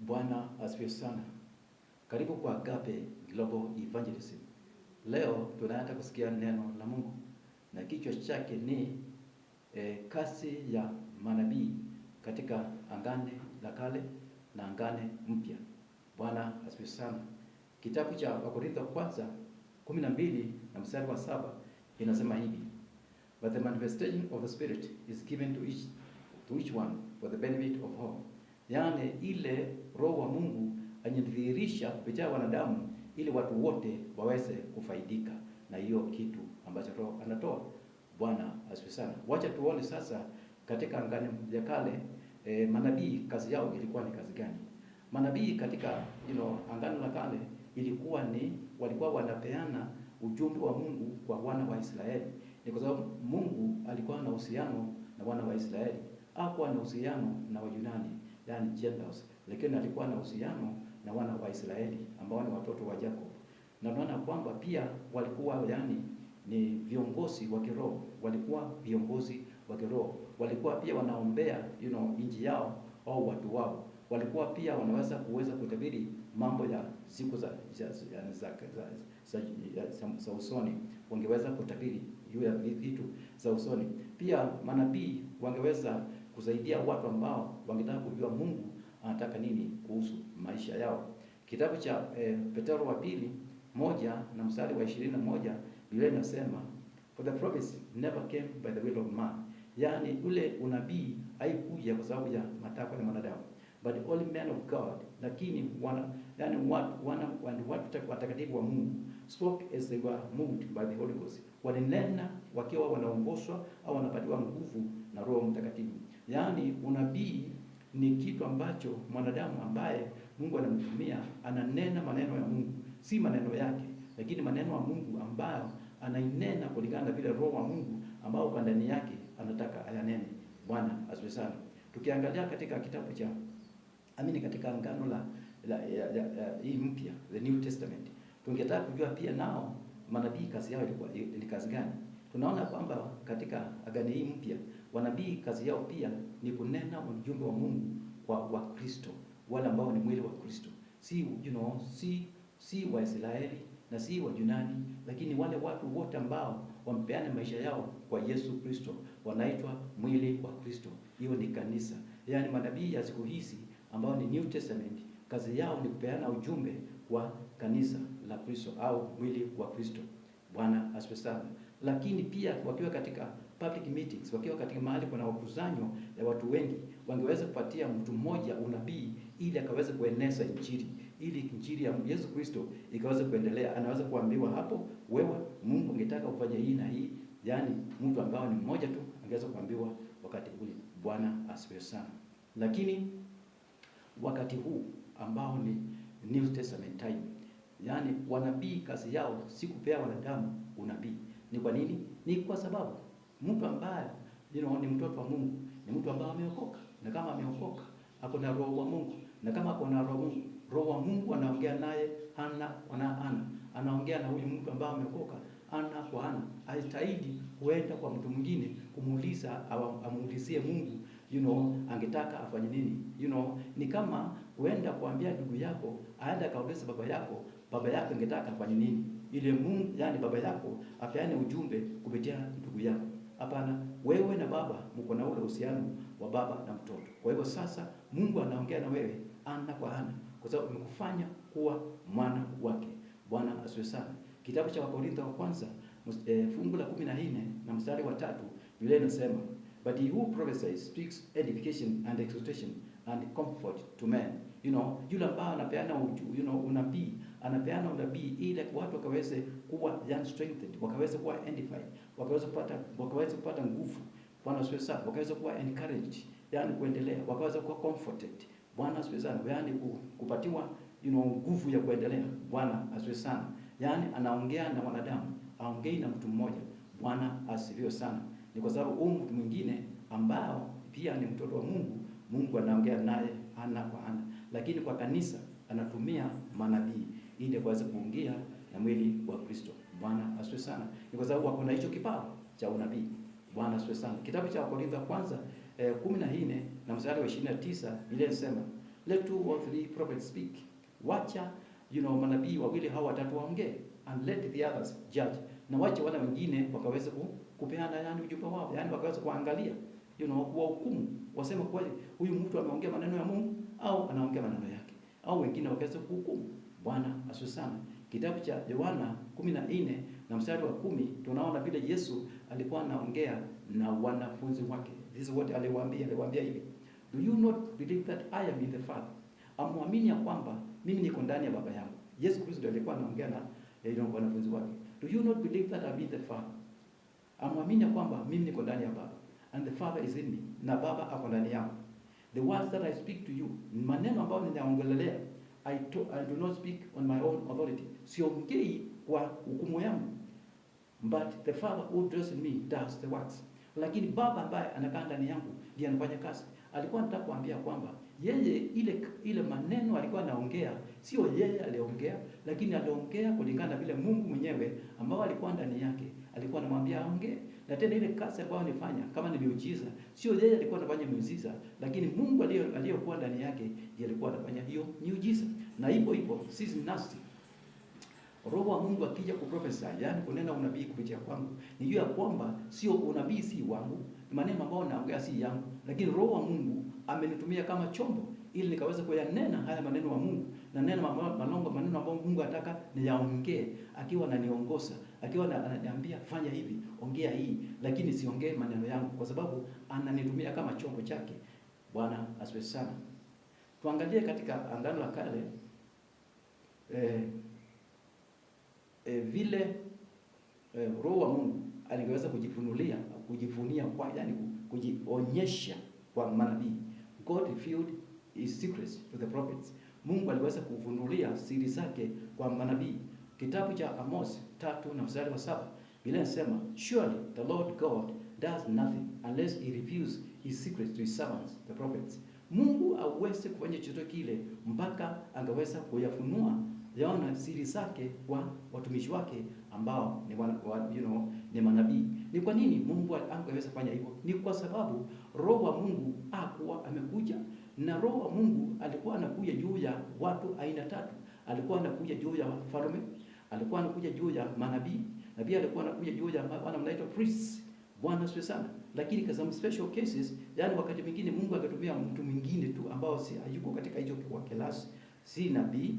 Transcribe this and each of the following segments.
Bwana asifiwe sana. Karibu kwa Agape Global Evangelism. Leo tunaenda kusikia neno la Mungu na kichwa chake ni e, kasi ya manabii katika angane la Kale na angane Mpya. Bwana asifiwe sana. Kitabu cha Wakorintho kwanza 12 na mstari wa saba inasema hivi: But the manifestation of the Spirit is given to each, to each one for the benefit of all. Yaani ile Roho wa Mungu anyedhihirisha kupitia wanadamu ili watu wote waweze kufaidika na hiyo kitu ambacho Roho anatoa. Bwana asifiwe sana. Wacha tuone sasa katika Agano la Kale e, manabii kazi yao ilikuwa ni kazi gani? Manabii katika you know, Agano la Kale ilikuwa ni walikuwa wanapeana ujumbe wa Mungu kwa wana wa Israeli. Ni kwa sababu Mungu alikuwa na uhusiano na wana wa Israeli, hakuwa na uhusiano na Wayunani, yani Gentiles lakini alikuwa na uhusiano na wana wa Israeli ambao ni watoto wa Jacob, na tunaona kwamba pia walikuwa yani ni viongozi wa kiroho, walikuwa viongozi wa kiroho, walikuwa pia wanaombea you know, nchi yao au watu wao, walikuwa pia wanaweza kuweza kutabiri mambo ya siku za za, za, za, za, za, za usoni, wangeweza kutabiri juu ya vitu za usoni. Pia manabii wangeweza kusaidia watu ambao wangetaka kujua Mungu anataka nini kuhusu maisha yao. Kitabu cha e, Petero wa pili moja na mstari wa ishirini na moja Biblia inasema for the prophecy never came by the will of man, yani ule unabii haikuja kwa sababu ya matakwa ya mwanadamu but all men of God, lakini wana yani watu wana watu watakatifu wa Mungu spoke as they were moved by the Holy Ghost, walinena wakiwa wanaongozwa au wanapatiwa nguvu na Roho Mtakatifu, yani unabii ni kitu ambacho mwanadamu ambaye Mungu anamtumia ananena maneno ya Mungu, si maneno yake, lakini maneno ya Mungu ambayo anainena kulingana na vile Roho wa Mungu ambao kwa ndani yake anataka ayanene. Bwana asifiwe sana. Tukiangalia katika kitabu cha amini, katika ngano la, la, hii mpya the New Testament, tungetaka kujua pia nao manabii kazi yao ilikuwa ni kazi gani? Tunaona kwamba katika agano hii mpya Wanabii kazi yao pia ni kunena ujumbe wa Mungu kwa Wakristo wale ambao ni mwili wa Kristo, si you know, si si Waisraeli na si wajunani lakini wale watu wote ambao wampeana maisha yao kwa Yesu Kristo wanaitwa mwili wa Kristo. Hiyo ni kanisa, yaani manabii ya siku hizi ambao ni New Testament, kazi yao ni kupeana ujumbe kwa kanisa la Kristo au mwili wa Kristo. Bwana asifiwe sana. Lakini pia wakiwa katika public meetings, wakiwa katika mahali kuna wakuzanyo ya watu wengi, wangeweza kupatia mtu mmoja unabii ili akaweze kueneza injili, ili injili ya Yesu Kristo ikaweze kuendelea. Anaweza kuambiwa hapo, wewe Mungu angetaka ufanye hii na hii, Yani mtu ambao ni mmoja tu angeweza kuambiwa wakati ule. Bwana asifiwe sana. Lakini wakati huu ambao ni New Testament time, yani wanabii kazi yao si kupea wanadamu unabii. Ni kwa nini? Ni kwa sababu Mtu ambaye ni mtoto wa Mungu ni mtu ambaye ameokoka, na kama ameokoka ako na roho wa Mungu, na kama ako na roho Mungu, roho wa Mungu anaongea naye ana ana ana anaongea na huyu mtu ambaye ameokoka ana kwa ana. Ajitahidi kuenda kwa mtu mwingine kumuuliza, amuulizie Mungu you know, angetaka afanye nini you know. Ni kama kuenda kuambia ndugu yako aende akaulize baba yako, baba yako angetaka afanye nini, ile Mungu, yani baba yako apeane ujumbe kupitia ndugu yako. Hapana, wewe na baba mko na ule uhusiano wa baba na mtoto. Kwa hivyo sasa Mungu anaongea na wewe ana kwa ana, kwa sababu amekufanya kuwa mwana wake. Bwana asiwe sana. Kitabu cha Wakorintho wa kwanza e, fungu la kumi na na mstari wa tatu Biblia inasema but he who prophesies speaks edification and exhortation and comfort to men you know, yule ambaye anapeana uju, you know, unabii anapeana unabii ili watu wakaweze kuwa young strengthened, wakaweze kuwa edified, wakaweze kupata wakaweze kupata nguvu. Bwana Yesu sana, wakaweze kuwa encouraged, yani kuendelea, wakaweze kuwa comforted. Bwana Yesu sana, yani kupatiwa you know, nguvu ya kuendelea. Bwana Yesu sana, yani anaongea na wanadamu, aongei na mtu mmoja. Bwana asifiwe sana. Ni kwa sababu huyu mtu mwingine ambao pia ni mtoto wa Mungu, Mungu anaongea naye ana kwa ana lakini kwa kanisa anatumia manabii ili aweze kuongea na mwili wa Kristo. Bwana asifiwe sana. Ni kwa sababu hakuna hicho kipawa cha unabii. Bwana asifiwe sana. Kitabu cha Wakorintho ya kwanza eh, 14 na mstari wa 29 ile inasema, let two or three prophets speak. Wacha you know manabii wawili hao watatu waongee and let the others judge. Na wacha wale wengine wakaweze ku, kupeana yani ujumbe wao, yani wakaweza kuangalia you know, kuwa hukumu, waseme kweli huyu mtu ameongea maneno ya Mungu au anaongea maneno yake au wengine wakiweza kuhukumu. Bwana asifiwe sana. Kitabu cha Yohana 14 na mstari wa kumi tunaona vile Yesu alikuwa anaongea na wanafunzi wake. Hizi wote aliwaambia, aliwaambia hivi, do you not believe that I am in the Father? Amwamini ya kwamba mimi niko ndani ya baba yangu. Yesu Kristo alikuwa anaongea eh, na wanafunzi wake. Do you not believe that I am in the Father? Amwamini ya kwamba mimi niko ndani ya baba and the Father is in me, na baba ako ndani yangu. The words that I speak to you, maneno ambayo ninaongelelea, I, I do not speak on my own authority, siongei kwa hukumu yangu, but the Father who dwells in me does the works. Lakini Baba ambaye anakaa ndani yangu ndiye anafanya kazi. Alikuwa nataka kuambia kwamba yeye ile ile maneno alikuwa anaongea, sio yeye aliongea, lakini aliongea kulingana vile Mungu mwenyewe ambao alikuwa ndani yake alikuwa anamwambia aongee. Na tena ile kazi ambayo anifanya kama ni miujiza, sio yeye alikuwa anafanya miujiza, lakini Mungu aliyokuwa ndani yake ndiye alikuwa anafanya hiyo miujiza. Na hivyo hivyo sisi nasi Roho wa Mungu akija kuprofesa, yani kunena unabii kupitia kwangu, nijua ya kwamba sio unabii si wangu maneno ambayo naongea si yangu, lakini Roho wa Mungu amenitumia kama chombo ili nikaweza kuyanena haya maneno wa Mungu na neno malongo, maneno ambayo Mungu anataka niyaongee, akiwa ananiongoza, akiwa ananiambia fanya hivi, ongea hii, lakini siongee maneno yangu, kwa sababu ananitumia kama chombo chake. Bwana asifiwe sana. Tuangalie katika Agano la Kale eh, eh, vile eh, Roho wa Mungu aliweza kujifunulia kujivunia kwa yani kujionyesha kwa manabii. God revealed his secrets to the prophets. Mungu aliweza kuvunulia siri zake kwa manabii. Kitabu cha Amos tatu na mstari wa saba Biblia inasema, surely the Lord God does nothing unless he reveals his secrets to his servants the prophets. Mungu aweze kufanya chochote kile mpaka angeweza kuyafunua yaona siri zake kwa watumishi wake ambao ni wana, wa, you know, ni manabii. Ni kwa nini Mungu angeweza kufanya hivyo? Ni kwa sababu roho wa Mungu akuwa amekuja, na roho wa Mungu alikuwa anakuja juu ya watu aina tatu. Alikuwa anakuja juu ya wafalme, alikuwa anakuja juu ya manabii, na pia alikuwa anakuja juu ya wana mnaitwa priests. Bwana asifiwe sana. Lakini kwa some special cases, yani wakati mwingine Mungu akatumia mtu mwingine tu ambao si hayuko katika hicho kwa class, si nabii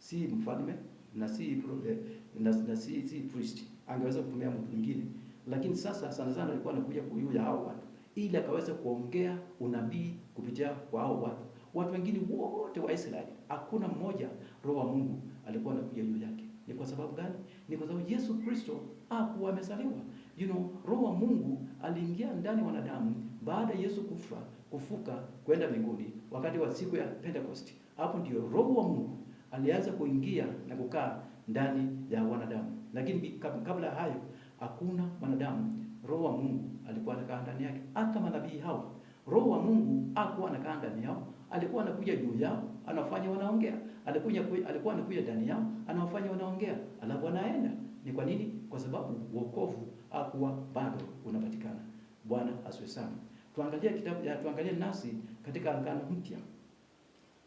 si mfalme na si eh, na, na si, si priest. Angeweza kutumia mtu mwingine, lakini sasa sana sana alikuwa anakuja kuyuya hao watu ili akaweza kuongea unabii kupitia kwa hao watu. Watu wengine wote wa Israeli, hakuna mmoja roho wa Mungu alikuwa anakuja juu yake. Ni kwa sababu gani? Ni kwa sababu Yesu Kristo hakuwa amezaliwa. You know, roho wa Mungu aliingia ndani wanadamu baada ya Yesu kufa, kufuka kwenda mbinguni wakati wa siku ya Pentecost. Hapo ndio roho wa Mungu alianza kuingia na kukaa ndani ya wanadamu, lakini kabla ya hayo hakuna mwanadamu roho wa Mungu alikuwa anakaa ndani yake. Hata manabii hao roho wa Mungu hakuwa anakaa ndani yao, alikuwa anakuja juu yao, anafanya wanaongea, alikuja alikuwa anakuja ndani yao, anawafanya wanaongea, alafu anaenda. Ni kwa nini? Kwa sababu wokovu hakuwa bado unapatikana. Bwana asiwe sana. Tuangalie kitabu, ya tuangalie nasi katika Agano Mpya.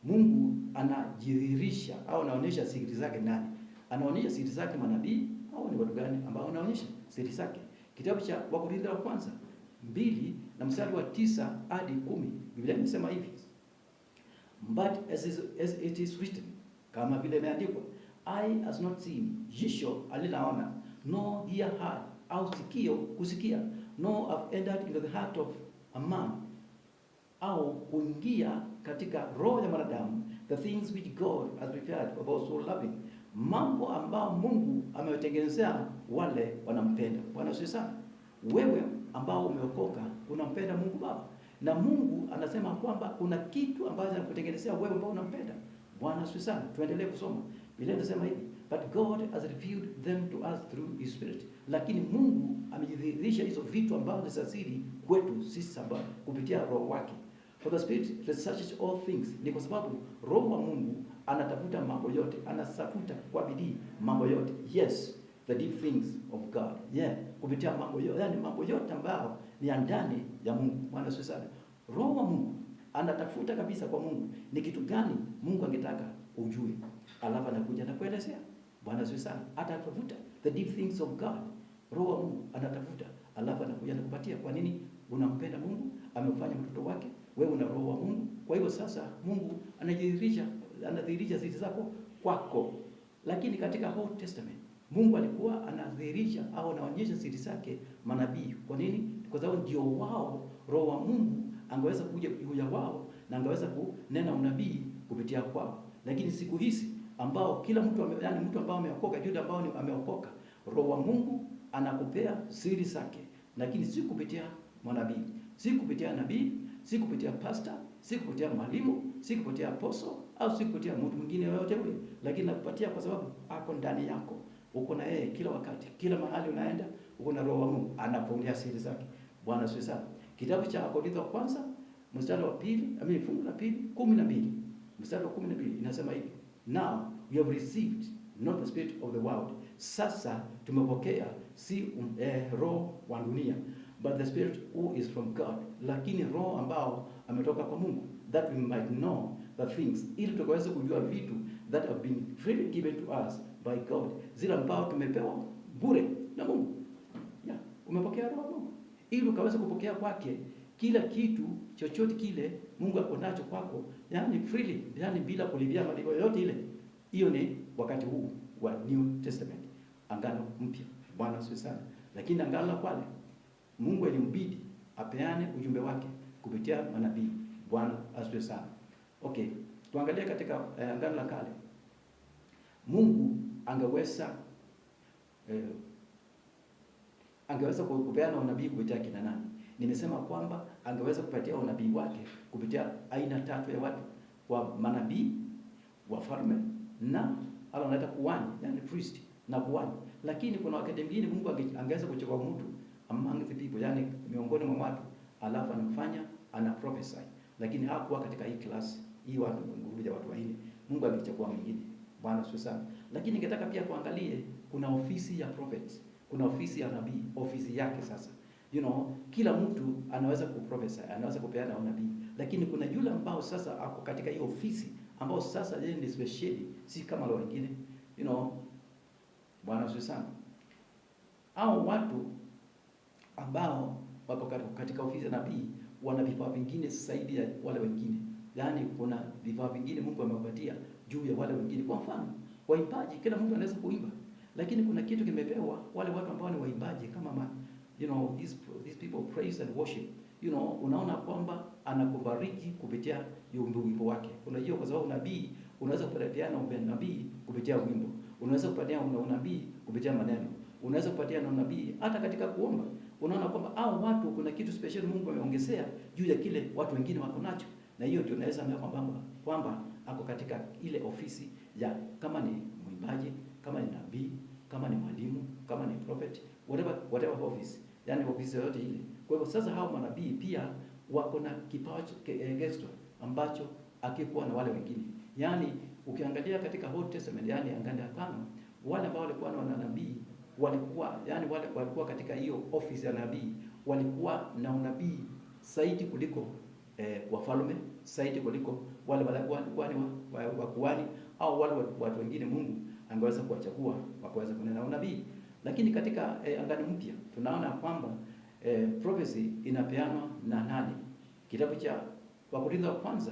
Mungu anajidhihirisha au anaonyesha siri zake nani? Anaonyesha siri zake manabii au ni watu gani ambao anaonyesha siri zake? Kitabu cha Wakorintho wa kwanza mbili na mstari wa tisa hadi kumi Biblia inasema hivi, but as is, as it is written, kama vile imeandikwa, eye has not seen, jicho halinaona, no ear heard, au sikio kusikia, no have entered into the heart of a man au kuingia katika roho ya mwanadamu, the things which God has prepared for those who love him, mambo ambayo Mungu amewatengenezea wale wanampenda. Bwana sisi sana, wewe ambao umeokoka unampenda Mungu Baba, na Mungu anasema kwamba kuna kitu ambacho anakutengenezea wewe ambao unampenda. Bwana sisi sana, tuendelee kusoma Biblia inasema hivi But God has revealed them to us through his spirit. Lakini Mungu amejidhihirisha hizo vitu ambavyo ni siri kwetu sisi sababu kupitia roho wake. For the Spirit researches all things, ni kwa sababu roho wa Mungu anatafuta mambo yote, anasafuta kwa bidii mambo yote, yes the deep things of God, yeah, kupitia mambo yote, yani mambo yote ambayo ni ya ndani ya Mungu. Bwana Yesu sana, roho wa Mungu anatafuta kabisa kwa Mungu ni kitu gani Mungu angetaka ujue, alafu anakuja na kuelezea. Bwana Yesu sana, atatafuta the deep things of God. Roho wa Mungu anatafuta, alafu anakuja na kupatia. Kwa nini unampenda Mungu, Amefanya mtoto wake wewe una roho wa Mungu. Kwa hiyo sasa Mungu anajidhihirisha, anadhihirisha siri zako kwako. Lakini katika Old Testament Mungu alikuwa anadhihirisha au anaonyesha siri zake manabii. Kwa nini? Kwa sababu ndio wao roho wa Mungu angeweza kuja kuja wao na angeweza kunena unabii kupitia kwao. Lakini siku hizi ambao kila mtu ame, yani mtu ambao ameokoka Yuda ambao ni ameokoka, roho wa Mungu anakupea siri zake, lakini si kupitia manabii, si kupitia nabii si kupitia pasta, si kupitia mwalimu, si kupitia aposo au si kupitia mtu mwingine yoyote yule, lakini nakupatia kwa sababu ako ndani yako, uko na yeye kila wakati, kila mahali unaenda, uko na Roho wa Mungu anapoulia siri zake. Bwana asifiwe sana. Kitabu cha Wakorintho wa kwanza mstari wa pili, amini fungu la pili kumi na mbili mstari wa kumi na mbili inasema hivi, now we have received not the spirit of the world, sasa tumepokea si um, eh, roho wa dunia but the spirit who is from God, lakini roho ambao ametoka kwa Mungu, that we might know the things, ili tukaweze kujua vitu that have been freely given to us by God, zile ambao tumepewa bure na Mungu. Yeah, umepokea roho Mungu ili ukaweze kupokea kwake kila kitu chochote kile Mungu ako nacho kwako, yani freely, yani bila kulipia malipo yoyote ile. Hiyo ni wakati huu wa New Testament, angano mpya. Bwana asifiwe sana, lakini angano la kale Mungu alimbidi apeane ujumbe wake kupitia manabii. Bwana asifiwe sana. Okay, tuangalie katika eh, Agano la Kale. Mungu angeweza eh, angeweza kupeana unabii kupitia kina nani? Nimesema kwamba angeweza kupatia unabii wake kupitia aina tatu ya watu, kwa manabii, wafalme na alonata kuhani, yani priest na kuhani. Lakini kuna wakati mwingine Mungu angeweza kuchagua mtu among the people, yani miongoni mwa watu, alafu anamfanya ana prophesy, lakini hakuwa katika hii class hii, watu ngurubu ya watu wengine. Mungu alichagua mwingine. Bwana sio sana, lakini ningetaka pia kuangalie, kuna ofisi ya prophet, kuna ofisi ya nabii, ofisi yake sasa You know, kila mtu anaweza ku prophesy, anaweza kupeana unabii, lakini kuna yule ambao sasa ako katika hiyo ofisi ambao sasa yeye ni special, si kama wale wengine. You know, Bwana sio sana. au watu ambao wapo katika ofisi ya nabii wana vifaa vingine zaidi ya wale wengine, yaani kuna vifaa vingine Mungu amewapatia juu ya wale wengine. Kwa mfano waimbaji, kila mtu anaweza kuimba, lakini kuna kitu kimepewa wale watu ambao ni waimbaji kama ma, you know these, these people praise and worship you know, unaona kwamba anakubariki kupitia wimbo wake. Unajua, kwa sababu nabii unaweza kupatiana nabii kupitia wimbo, unaweza kupatiana unabii kupitia maneno, unaweza kupatiana unabii hata katika kuomba unaona kwamba au watu kuna kitu special Mungu ameongezea juu ya kile watu wengine wako nacho, na hiyo ndio naweza nayo kwamba kwamba ako katika ile ofisi ya kama ni mwimbaji, kama ni nabii, kama ni mwalimu, kama ni prophet, whatever whatever office, yani ofisi yoyote ile. Kwa hivyo sasa hao manabii pia wako na kipawa extra eh, ambacho akikuwa na wale wengine, yani ukiangalia katika Old Testament, yani angalia kwanza wale ambao walikuwa na nabii walikuwa yani wale walikuwa katika hiyo ofisi ya nabii walikuwa na unabii zaidi kuliko eh, wafalme zaidi kuliko wale walikuwa ni wakuhani au wale watu wengine Mungu angeweza kuwachagua wakaweza kunena unabii. Lakini katika eh, angani Mpya tunaona kwamba eh, prophecy inapeanwa na nani? Kitabu cha Wakorintho wa kwanza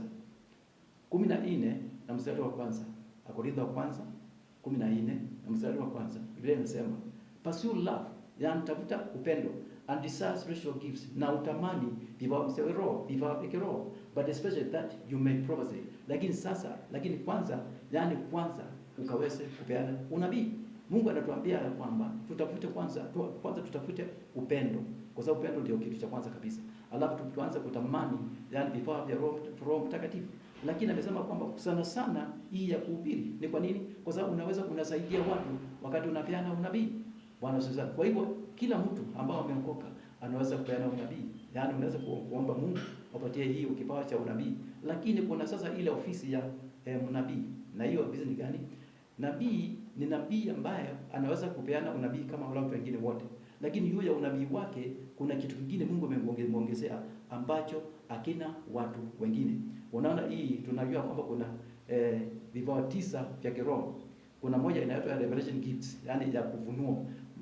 14 na mstari wa kwanza. Wakorintho wa kwanza 14 na mstari wa kwanza. Biblia inasema Pursue love, yani tafuta upendo, and desire spiritual gifts, na utamani roho vivawapeke roho, but especially that you may prophesy. Lakini sasa, lakini kwanza, yani kwanza ukaweze kupeana unabii. Mungu anatuambia kwamba tutafute kwanza, kwanza tutafute upendo, kwa sababu upendo ndio kitu cha kwanza kabisa, alafu tuanze kutamani yani vipawa vya Roho Mtakatifu. Lakini amesema kwamba sana sana hii ya kuhubiri ni kwa nini? Kwa sababu unaweza, unasaidia watu wakati unapeana unabii Bwana sasa. Kwa hivyo kila mtu ambao ameokoka anaweza kupeana unabii, yaani unaweza kuomba Mungu apatie hiyo kipawa cha unabii, lakini kuna sasa ile ofisi ya eh, mnabii. Na hiyo ofisi ni gani? Nabii ni nabii ambaye anaweza kupeana unabii kama wale watu wengine wote, lakini juu ya unabii wake kuna kitu kingine Mungu amemwongezea ambacho akina watu wengine. Unaona, hii tunajua kwamba kuna eh, vipawa tisa vya kiroho. Kuna moja inaitwa revelation gifts, yani ya kuvunua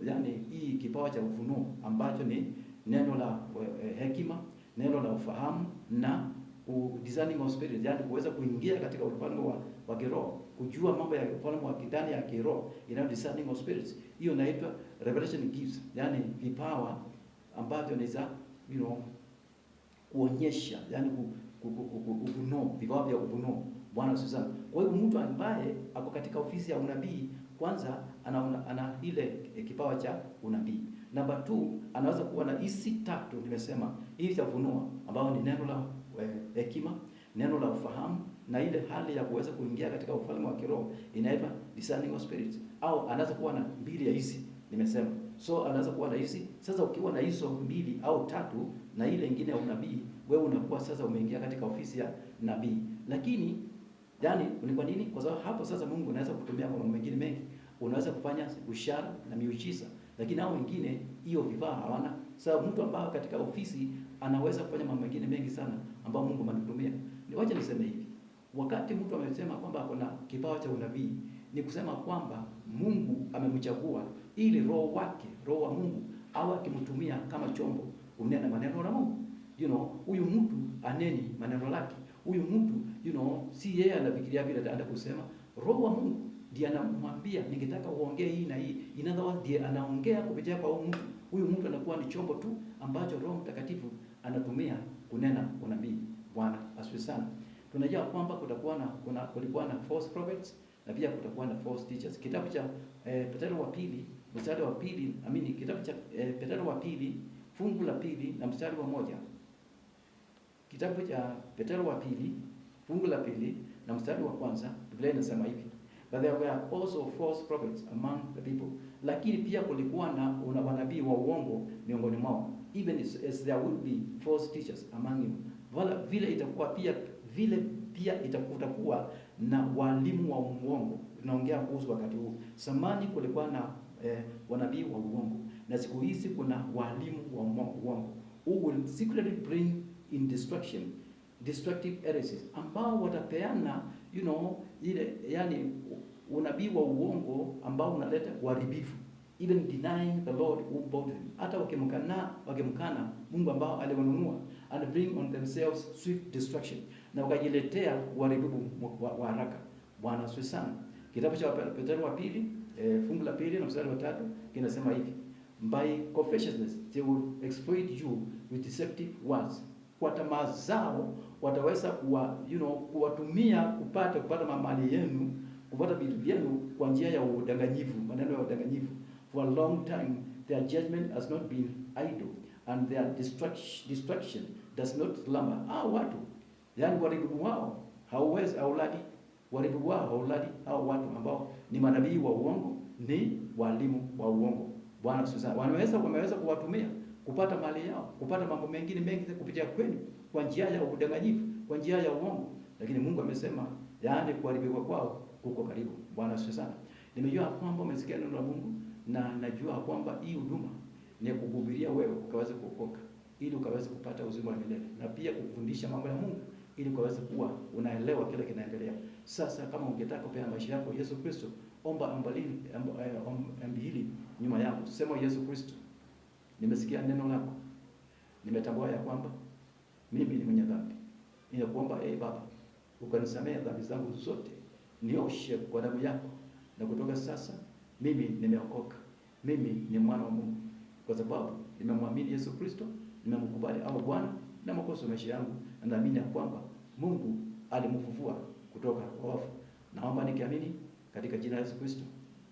yani hii kipawa cha ufunuo ambacho ni neno la eh, eh, hekima, neno la ufahamu na discerning of spirit, yani kuweza kuingia katika ufalme wa, wa kiroho, kujua mambo ya ufalme wa kidani ya kiroho, ina discerning of spirits. Hiyo inaitwa revelation gifts, yani vipawa ambavyo ni za you know, kuonyesha yani ufunuo, vipawa vya ufunuo. Bwana Yesu Kwa hiyo mtu ambaye ako katika ofisi ya unabii kwanza ana, ana, ana ile kipawa cha unabii. Namba 2 anaweza kuwa na hisi tatu nimesema hii cha ufunuo ambao ni neno la eh, hekima, neno la ufahamu na ile hali ya kuweza kuingia katika ufalme wa kiroho inaitwa discerning of spirit, au anaweza kuwa na mbili ya hizi nimesema. So anaweza kuwa na hizi. Sasa ukiwa na hizo mbili au tatu na ile nyingine ya unabii, wewe unakuwa sasa umeingia katika ofisi ya nabii. Lakini yani ni kwa nini? Kwa sababu hapo sasa Mungu anaweza kutumia kwa mambo mengine mengi unaweza kufanya ushara na miujiza, lakini hao wengine hiyo vifaa hawana. Sababu mtu ambaye katika ofisi anaweza kufanya mambo mengine mengi sana ambayo Mungu amemtumia. Ni wacha niseme hivi, wakati mtu amesema kwamba ako na kipawa cha unabii, ni kusema kwamba Mungu amemchagua ili roho wake, roho wa Mungu awe akimtumia kama chombo kunena maneno na Mungu. You know, huyu mtu aneni maneno lake. Huyu mtu you know, si yeye anafikiria vile ataenda kusema, roho wa Mungu ndiye anamwambia ningetaka uongee hii na hii. In other words, ndiye anaongea kupitia kwa huyu mtu. Huyu mtu anakuwa ni chombo tu ambacho Roho Mtakatifu anatumia kunena unabii. Bwana asifiwe sana. Tunajua kwamba kutakuwa na kuna kulikuwa na false prophets na pia kutakuwa na false teachers. Kitabu cha eh, Petro wa pili mstari wa pili amini, kitabu cha eh, Petro wa pili fungu la pili na mstari wa moja Kitabu cha Petro wa pili fungu la pili na mstari wa kwanza Biblia inasema hivi that there were also false prophets among the people, lakini pia kulikuwa na wanabii wa uongo miongoni mwao, even as, as there would be false teachers among you, wala vile itakuwa pia vile pia itakutakuwa na walimu wa uongo. Tunaongea kuhusu wakati huu. Samani kulikuwa na eh, wanabii wa uongo, na siku hizi kuna walimu wa uongo who will secretly bring in destruction destructive heresies ambao watapeana you know ile yani unabii wa uongo ambao unaleta uharibifu, even denying the Lord who bought him. Hata wakimkana wakimkana Mungu ambao aliwanunua, and bring on themselves swift destruction, na wakajiletea uharibifu wa haraka. Bwana asifiwe sana. Kitabu cha Petro wa pili eh, fungu la pili na mstari wa tatu kinasema hivi, by covetousness they will exploit you with deceptive words kwa tamaa zao wataweza kuwa, you know, kuwatumia kupata kupata mali yenu kupata vitu vyenu kwa njia ya udanganyifu, maneno ya udanganyifu. For a long time their judgment has not been idle and their destruction does not slumber. Ah, watu yani waribu wao hauwezi auladi, waribu wao hauladi hao watu ambao ni manabii wa uongo, ni walimu wa uongo. Bwana Yesu wameweza kuwatumia kupata mali yao, kupata mambo mengine mengi kupitia kwenu kwa njia ya udanganyifu, kwa njia ya uongo. Lakini Mungu amesema yaani kuharibiwa kwao huko karibu. Bwana asifiwe sana. Nimejua kwamba umesikia neno la Mungu na najua kwamba hii huduma ni kukuhubiria wewe ukaweze kuokoka ili ukaweze kupata uzima wa milele na pia kukufundisha mambo ya Mungu ili ukaweze kuwa unaelewa kile kinaendelea. Sasa kama ungetaka kupea maisha yako Yesu Kristo, omba eh, ombi eh, hili nyuma yangu, sema Yesu Kristo nimesikia neno lako, nimetambua ya kwamba mimi ni mwenye dhambi, ninakuomba e ee Baba ukanisamehe dhambi zangu zote, nioshe kwa damu yako, na kutoka sasa mimi nimeokoka, mimi ni mwana wa Mungu kwa sababu nimemwamini Yesu Kristo, nimemkubali au Bwana na mwokozi wa maisha yangu, na naamini ya kwamba Mungu alimfufua kutoka kwa wafu. Naomba nikiamini katika jina la Yesu Kristo,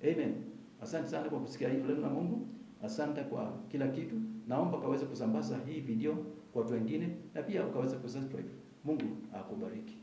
amen. Asante sana kwa kusikia hilo neno la Mungu. Asante kwa kila kitu. Naomba ukaweze kusambaza hii video kwa watu wengine na pia ukaweze kusubscribe. Mungu akubariki.